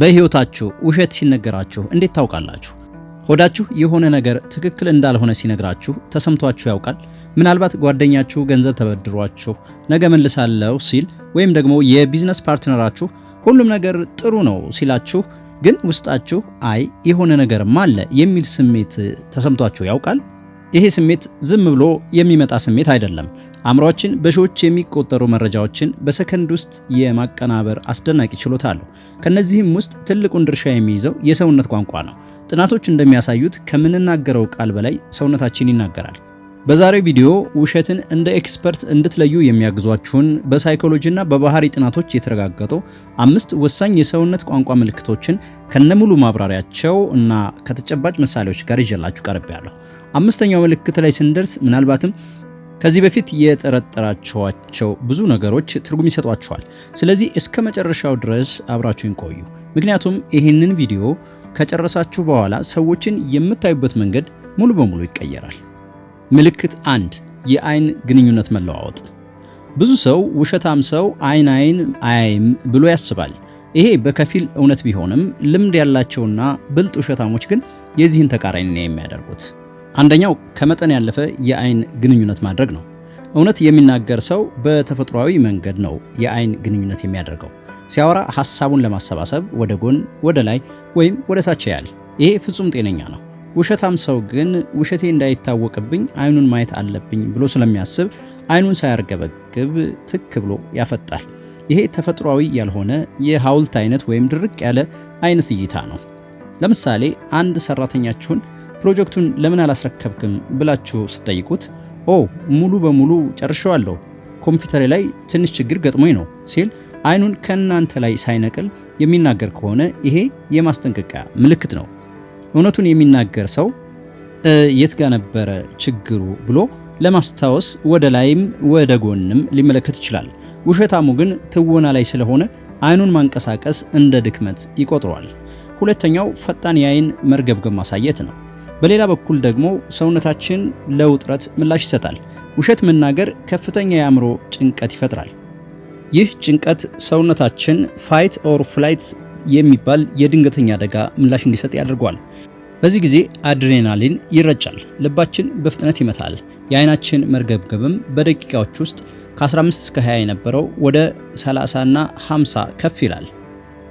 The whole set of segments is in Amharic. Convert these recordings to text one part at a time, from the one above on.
በህይወታችሁ ውሸት ሲነገራችሁ እንዴት ታውቃላችሁ? ሆዳችሁ የሆነ ነገር ትክክል እንዳልሆነ ሲነግራችሁ ተሰምቷችሁ ያውቃል? ምናልባት ጓደኛችሁ ገንዘብ ተበድሯችሁ ነገ መልሳለሁ ሲል ወይም ደግሞ የቢዝነስ ፓርትነራችሁ ሁሉም ነገር ጥሩ ነው ሲላችሁ፣ ግን ውስጣችሁ አይ የሆነ ነገርም አለ የሚል ስሜት ተሰምቷችሁ ያውቃል? ይሄ ስሜት ዝም ብሎ የሚመጣ ስሜት አይደለም። አእምሯችን በሺዎች የሚቆጠሩ መረጃዎችን በሰከንድ ውስጥ የማቀናበር አስደናቂ ችሎታ አለው። ከነዚህም ውስጥ ትልቁን ድርሻ የሚይዘው የሰውነት ቋንቋ ነው። ጥናቶች እንደሚያሳዩት ከምንናገረው ቃል በላይ ሰውነታችን ይናገራል። በዛሬው ቪዲዮ ውሸትን እንደ ኤክስፐርት እንድትለዩ የሚያግዟችሁን በሳይኮሎጂና በባህሪ ጥናቶች የተረጋገጡ አምስት ወሳኝ የሰውነት ቋንቋ ምልክቶችን ከነሙሉ ማብራሪያቸው እና ከተጨባጭ ምሳሌዎች ጋር ይዤላችሁ ቀርቤያለሁ። አምስተኛው ምልክት ላይ ስንደርስ ምናልባትም ከዚህ በፊት የጠረጠራቸዋቸው ብዙ ነገሮች ትርጉም ይሰጧቸዋል። ስለዚህ እስከ መጨረሻው ድረስ አብራችሁን ቆዩ፣ ምክንያቱም ይህንን ቪዲዮ ከጨረሳችሁ በኋላ ሰዎችን የምታዩበት መንገድ ሙሉ በሙሉ ይቀየራል። ምልክት አንድ የአይን ግንኙነት መለዋወጥ። ብዙ ሰው ውሸታም ሰው አይን አይን አያይም ብሎ ያስባል። ይሄ በከፊል እውነት ቢሆንም ልምድ ያላቸውና ብልጥ ውሸታሞች ግን የዚህን ተቃራኒ ነው የሚያደርጉት። አንደኛው ከመጠን ያለፈ የአይን ግንኙነት ማድረግ ነው። እውነት የሚናገር ሰው በተፈጥሯዊ መንገድ ነው የአይን ግንኙነት የሚያደርገው። ሲያወራ ሐሳቡን ለማሰባሰብ ወደ ጎን፣ ወደ ላይ ወይም ወደ ታች ያያል። ይሄ ፍጹም ጤነኛ ነው። ውሸታም ሰው ግን ውሸቴ እንዳይታወቅብኝ አይኑን ማየት አለብኝ ብሎ ስለሚያስብ አይኑን ሳያርገበግብ ትክ ብሎ ያፈጣል። ይሄ ተፈጥሯዊ ያልሆነ የሐውልት አይነት ወይም ድርቅ ያለ አይነት እይታ ነው። ለምሳሌ አንድ ሰራተኛችሁን ፕሮጀክቱን ለምን አላስረከብክም ብላችሁ ስትጠይቁት ኦ ሙሉ በሙሉ ጨርሸዋለሁ፣ ኮምፒውተሬ ላይ ትንሽ ችግር ገጥሞኝ ነው ሲል አይኑን ከእናንተ ላይ ሳይነቅል የሚናገር ከሆነ ይሄ የማስጠንቀቂያ ምልክት ነው። እውነቱን የሚናገር ሰው የት ጋር ነበረ ችግሩ ብሎ ለማስታወስ ወደ ላይም ወደ ጎንም ሊመለከት ይችላል። ውሸታሙ ግን ትወና ላይ ስለሆነ አይኑን ማንቀሳቀስ እንደ ድክመት ይቆጥረዋል። ሁለተኛው ፈጣን የአይን መርገብገብ ማሳየት ነው። በሌላ በኩል ደግሞ ሰውነታችን ለውጥረት ምላሽ ይሰጣል። ውሸት መናገር ከፍተኛ የአእምሮ ጭንቀት ይፈጥራል። ይህ ጭንቀት ሰውነታችን ፋይት ኦር ፍላይት የሚባል የድንገተኛ አደጋ ምላሽ እንዲሰጥ ያደርገዋል። በዚህ ጊዜ አድሬናሊን ይረጫል፣ ልባችን በፍጥነት ይመታል። የአይናችን መርገብገብም በደቂቃዎች ውስጥ ከ15 እስከ 20 የነበረው ወደ 30 እና 50 ከፍ ይላል።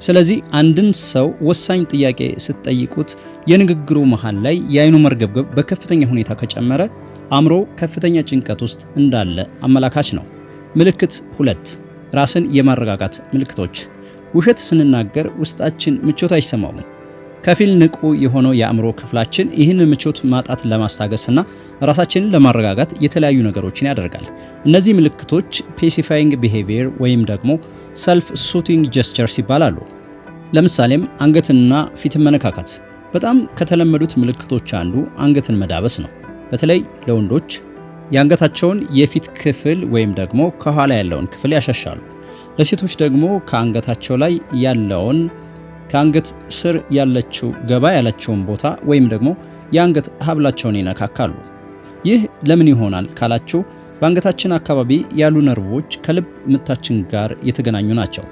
ስለዚህ አንድን ሰው ወሳኝ ጥያቄ ስትጠይቁት የንግግሩ መሃል ላይ የአይኑ መርገብገብ በከፍተኛ ሁኔታ ከጨመረ አእምሮ ከፍተኛ ጭንቀት ውስጥ እንዳለ አመላካች ነው። ምልክት ሁለት ራስን የማረጋጋት ምልክቶች። ውሸት ስንናገር ውስጣችን ምቾት አይሰማውም። ከፊል ንቁ የሆነው የአእምሮ ክፍላችን ይህን ምቾት ማጣት ለማስታገስና ራሳችንን ለማረጋጋት የተለያዩ ነገሮችን ያደርጋል። እነዚህ ምልክቶች ፔሲፋይንግ ቢሄቪየር ወይም ደግሞ ሰልፍ ሱቲንግ ጀስቸርስ ይባላሉ። ለምሳሌም አንገትና ፊት መነካካት። በጣም ከተለመዱት ምልክቶች አንዱ አንገትን መዳበስ ነው። በተለይ ለወንዶች የአንገታቸውን የፊት ክፍል ወይም ደግሞ ከኋላ ያለውን ክፍል ያሻሻሉ። ለሴቶች ደግሞ ከአንገታቸው ላይ ያለውን ከአንገት ስር ያለችው ገባ ያለችውን ቦታ ወይም ደግሞ የአንገት ሀብላቸውን ይነካካሉ። ይህ ለምን ይሆናል ካላችሁ በአንገታችን አካባቢ ያሉ ነርቮች ከልብ ምታችን ጋር የተገናኙ ናቸው።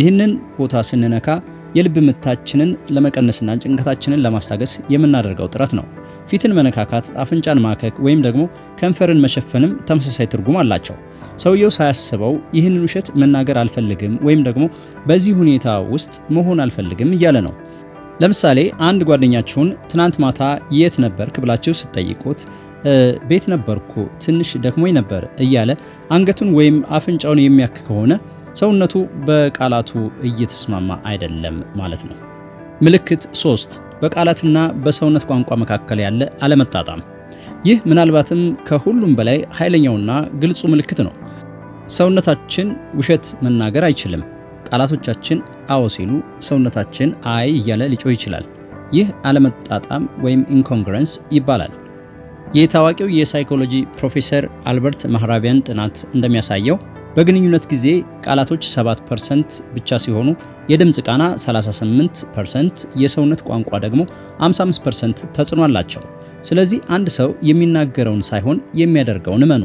ይህንን ቦታ ስንነካ የልብ ምታችንን ለመቀነስና ጭንቀታችንን ለማስታገስ የምናደርገው ጥረት ነው። ፊትን መነካካት፣ አፍንጫን ማከክ ወይም ደግሞ ከንፈርን መሸፈንም ተመሳሳይ ትርጉም አላቸው። ሰውየው ሳያስበው ይህንን ውሸት መናገር አልፈልግም ወይም ደግሞ በዚህ ሁኔታ ውስጥ መሆን አልፈልግም እያለ ነው። ለምሳሌ አንድ ጓደኛችሁን ትናንት ማታ የት ነበርክ ብላችሁ ስትጠይቁት ቤት ነበርኩ፣ ትንሽ ደክሞኝ ነበር እያለ አንገቱን ወይም አፍንጫውን የሚያክ ከሆነ ሰውነቱ በቃላቱ እየተስማማ አይደለም ማለት ነው። ምልክት ሶስት በቃላትና በሰውነት ቋንቋ መካከል ያለ አለመጣጣም። ይህ ምናልባትም ከሁሉም በላይ ኃይለኛውና ግልጹ ምልክት ነው። ሰውነታችን ውሸት መናገር አይችልም። ቃላቶቻችን አዎ ሲሉ፣ ሰውነታችን አይ እያለ ሊጮህ ይችላል። ይህ አለመጣጣም ወይም ኢንኮንግረንስ ይባላል። የታዋቂው የሳይኮሎጂ ፕሮፌሰር አልበርት ማህራቢያን ጥናት እንደሚያሳየው በግንኙነት ጊዜ ቃላቶች 7% ብቻ ሲሆኑ የድምፅ ቃና 38%፣ የሰውነት ቋንቋ ደግሞ 55% ተጽዕኖ አላቸው። ስለዚህ አንድ ሰው የሚናገረውን ሳይሆን የሚያደርገውን እመኑ።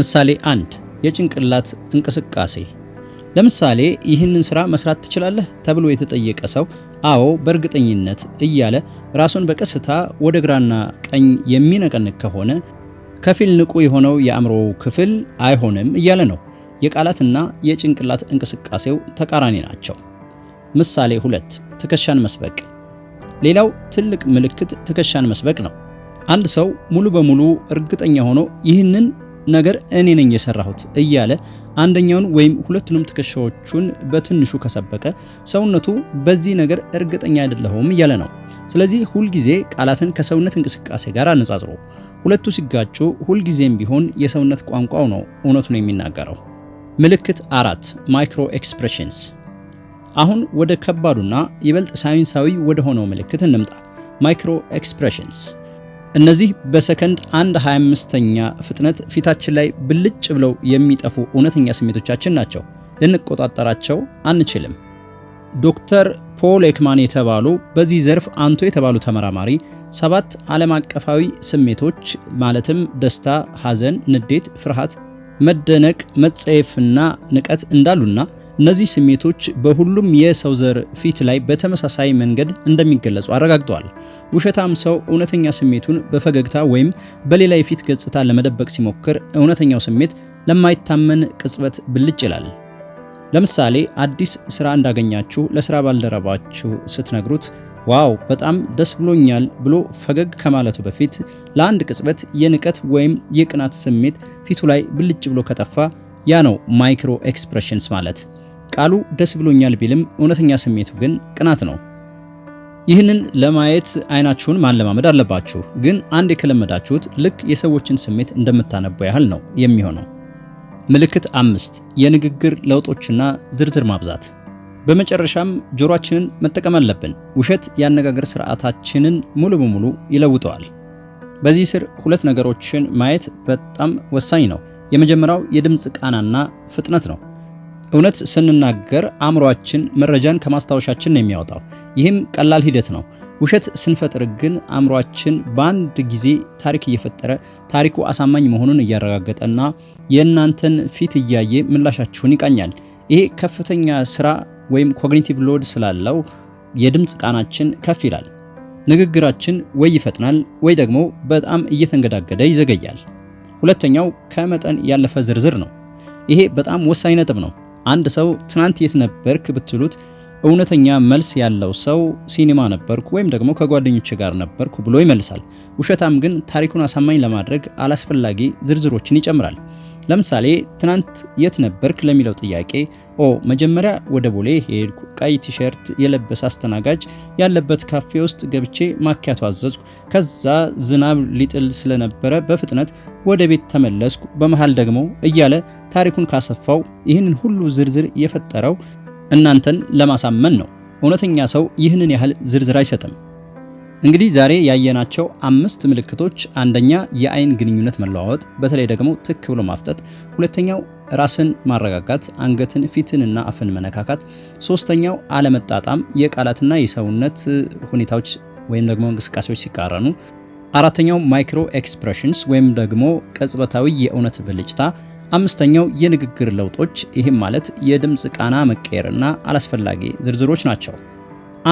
ምሳሌ 1 የጭንቅላት እንቅስቃሴ። ለምሳሌ ይህንን ስራ መስራት ትችላለህ ተብሎ የተጠየቀ ሰው አዎ በእርግጠኝነት እያለ ራሱን በቀስታ ወደ ግራና ቀኝ የሚነቀንቅ ከሆነ ከፊል ንቁ የሆነው የአእምሮ ክፍል አይሆንም እያለ ነው። የቃላትና የጭንቅላት እንቅስቃሴው ተቃራኒ ናቸው። ምሳሌ ሁለት ትከሻን መስበቅ። ሌላው ትልቅ ምልክት ትከሻን መስበቅ ነው። አንድ ሰው ሙሉ በሙሉ እርግጠኛ ሆኖ ይህንን ነገር እኔ ነኝ የሰራሁት እያለ አንደኛውን ወይም ሁለቱንም ትከሻዎቹን በትንሹ ከሰበቀ ሰውነቱ በዚህ ነገር እርግጠኛ አይደለሁም እያለ ነው። ስለዚህ ሁልጊዜ ቃላትን ከሰውነት እንቅስቃሴ ጋር አነጻጽሮ ሁለቱ ሲጋጩ ሁልጊዜም ቢሆን የሰውነት ቋንቋው ነው እውነቱን የሚናገረው። ምልክት አራት ማይክሮ ኤክስፕሬሽንስ። አሁን ወደ ከባዱና ይበልጥ ሳይንሳዊ ወደ ሆነው ምልክት እንምጣ፣ ማይክሮ ኤክስፕሬሽንስ። እነዚህ በሰከንድ አንድ 25ኛ ፍጥነት ፊታችን ላይ ብልጭ ብለው የሚጠፉ እውነተኛ ስሜቶቻችን ናቸው። ልንቆጣጠራቸው አንችልም። ዶክተር ፖል ኤክማን የተባሉ በዚህ ዘርፍ አንቱ የተባሉ ተመራማሪ ሰባት ዓለም አቀፋዊ ስሜቶች ማለትም ደስታ፣ ሐዘን፣ ንዴት፣ ፍርሃት መደነቅ፣ መጸየፍና ንቀት እንዳሉና እነዚህ ስሜቶች በሁሉም የሰው ዘር ፊት ላይ በተመሳሳይ መንገድ እንደሚገለጹ አረጋግጠዋል። ውሸታም ሰው እውነተኛ ስሜቱን በፈገግታ ወይም በሌላ የፊት ገጽታ ለመደበቅ ሲሞክር፣ እውነተኛው ስሜት ለማይታመን ቅጽበት ብልጭ ይላል። ለምሳሌ አዲስ ስራ እንዳገኛችሁ ለስራ ባልደረባችሁ ስትነግሩት ዋው በጣም ደስ ብሎኛል ብሎ ፈገግ ከማለቱ በፊት ለአንድ ቅጽበት የንቀት ወይም የቅናት ስሜት ፊቱ ላይ ብልጭ ብሎ ከጠፋ ያ ነው ማይክሮ ኤክስፕሬሽንስ ማለት። ቃሉ ደስ ብሎኛል ቢልም እውነተኛ ስሜቱ ግን ቅናት ነው። ይህንን ለማየት አይናችሁን ማለማመድ አለባችሁ። ግን አንድ የከለመዳችሁት ልክ የሰዎችን ስሜት እንደምታነቡ ያህል ነው የሚሆነው። ምልክት አምስት የንግግር ለውጦችና ዝርዝር ማብዛት በመጨረሻም ጆሮአችንን መጠቀም አለብን። ውሸት የአነጋገር ስርዓታችንን ሙሉ በሙሉ ይለውጠዋል። በዚህ ስር ሁለት ነገሮችን ማየት በጣም ወሳኝ ነው። የመጀመሪያው የድምፅ ቃናና ፍጥነት ነው። እውነት ስንናገር አእምሯችን መረጃን ከማስታወሻችን ነው የሚያወጣው። ይህም ቀላል ሂደት ነው። ውሸት ስንፈጥር ግን አእምሯችን በአንድ ጊዜ ታሪክ እየፈጠረ ታሪኩ አሳማኝ መሆኑን እያረጋገጠና የእናንተን ፊት እያየ ምላሻችሁን ይቃኛል። ይሄ ከፍተኛ ስራ ወይም ኮግኒቲቭ ሎድ ስላለው የድምፅ ቃናችን ከፍ ይላል። ንግግራችን ወይ ይፈጥናል ወይ ደግሞ በጣም እየተንገዳገደ ይዘገያል። ሁለተኛው ከመጠን ያለፈ ዝርዝር ነው። ይሄ በጣም ወሳኝ ነጥብ ነው። አንድ ሰው ትናንት የት ነበርክ ብትሉት እውነተኛ መልስ ያለው ሰው ሲኒማ ነበርኩ ወይም ደግሞ ከጓደኞች ጋር ነበርኩ ብሎ ይመልሳል። ውሸታም ግን ታሪኩን አሳማኝ ለማድረግ አላስፈላጊ ዝርዝሮችን ይጨምራል። ለምሳሌ ትናንት የት ነበርክ ለሚለው ጥያቄ ኦ መጀመሪያ ወደ ቦሌ ሄድኩ፣ ቀይ ቲሸርት የለበሰ አስተናጋጅ ያለበት ካፌ ውስጥ ገብቼ ማኪያቶ አዘዝኩ፣ ከዛ ዝናብ ሊጥል ስለነበረ በፍጥነት ወደ ቤት ተመለስኩ፣ በመሃል ደግሞ እያለ ታሪኩን ካሰፋው ይህንን ሁሉ ዝርዝር የፈጠረው እናንተን ለማሳመን ነው። እውነተኛ ሰው ይህንን ያህል ዝርዝር አይሰጥም። እንግዲህ ዛሬ ያየናቸው አምስት ምልክቶች፣ አንደኛ የአይን ግንኙነት መለዋወጥ፣ በተለይ ደግሞ ትክ ብሎ ማፍጠጥ፣ ሁለተኛው ራስን ማረጋጋት፣ አንገትን ፊትንና አፍን መነካካት፣ ሶስተኛው አለመጣጣም፣ የቃላትና የሰውነት ሁኔታዎች ወይም ደግሞ እንቅስቃሴዎች ሲቃረኑ፣ አራተኛው ማይክሮ ኤክስፕሬሽንስ ወይም ደግሞ ቅጽበታዊ የእውነት ብልጭታ አምስተኛው የንግግር ለውጦች ይህም ማለት የድምፅ ቃና መቀየርና አላስፈላጊ ዝርዝሮች ናቸው።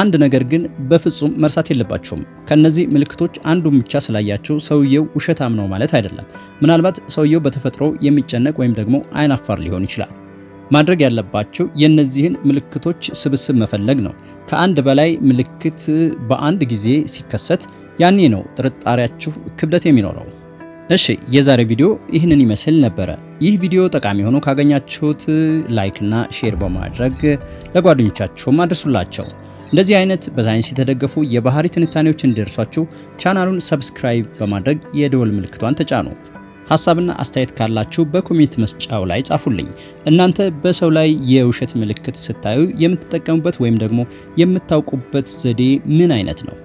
አንድ ነገር ግን በፍጹም መርሳት የለባቸውም። ከነዚህ ምልክቶች አንዱን ብቻ ስላያቸው ሰውየው ውሸታም ነው ማለት አይደለም። ምናልባት ሰውየው በተፈጥሮ የሚጨነቅ ወይም ደግሞ አይናፋር ሊሆን ይችላል። ማድረግ ያለባቸው የእነዚህን ምልክቶች ስብስብ መፈለግ ነው። ከአንድ በላይ ምልክት በአንድ ጊዜ ሲከሰት ያኔ ነው ጥርጣሬያችሁ ክብደት የሚኖረው። እሺ የዛሬ ቪዲዮ ይህንን ይመስል ነበረ። ይህ ቪዲዮ ጠቃሚ ሆኖ ካገኛችሁት ላይክ እና ሼር በማድረግ ለጓደኞቻችሁም አድርሱላቸው። እንደዚህ አይነት በሳይንስ የተደገፉ የባህሪ ትንታኔዎች እንዲደርሷችሁ ቻናሉን ሰብስክራይብ በማድረግ የደወል ምልክቷን ተጫኑ። ሀሳብና አስተያየት ካላችሁ በኮሜንት መስጫው ላይ ጻፉልኝ። እናንተ በሰው ላይ የውሸት ምልክት ስታዩ የምትጠቀሙበት ወይም ደግሞ የምታውቁበት ዘዴ ምን አይነት ነው?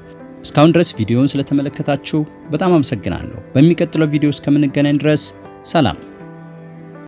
እስካሁን ድረስ ቪዲዮውን ስለተመለከታችሁ በጣም አመሰግናለሁ። በሚቀጥለው ቪዲዮ እስከምንገናኝ ድረስ ሰላም።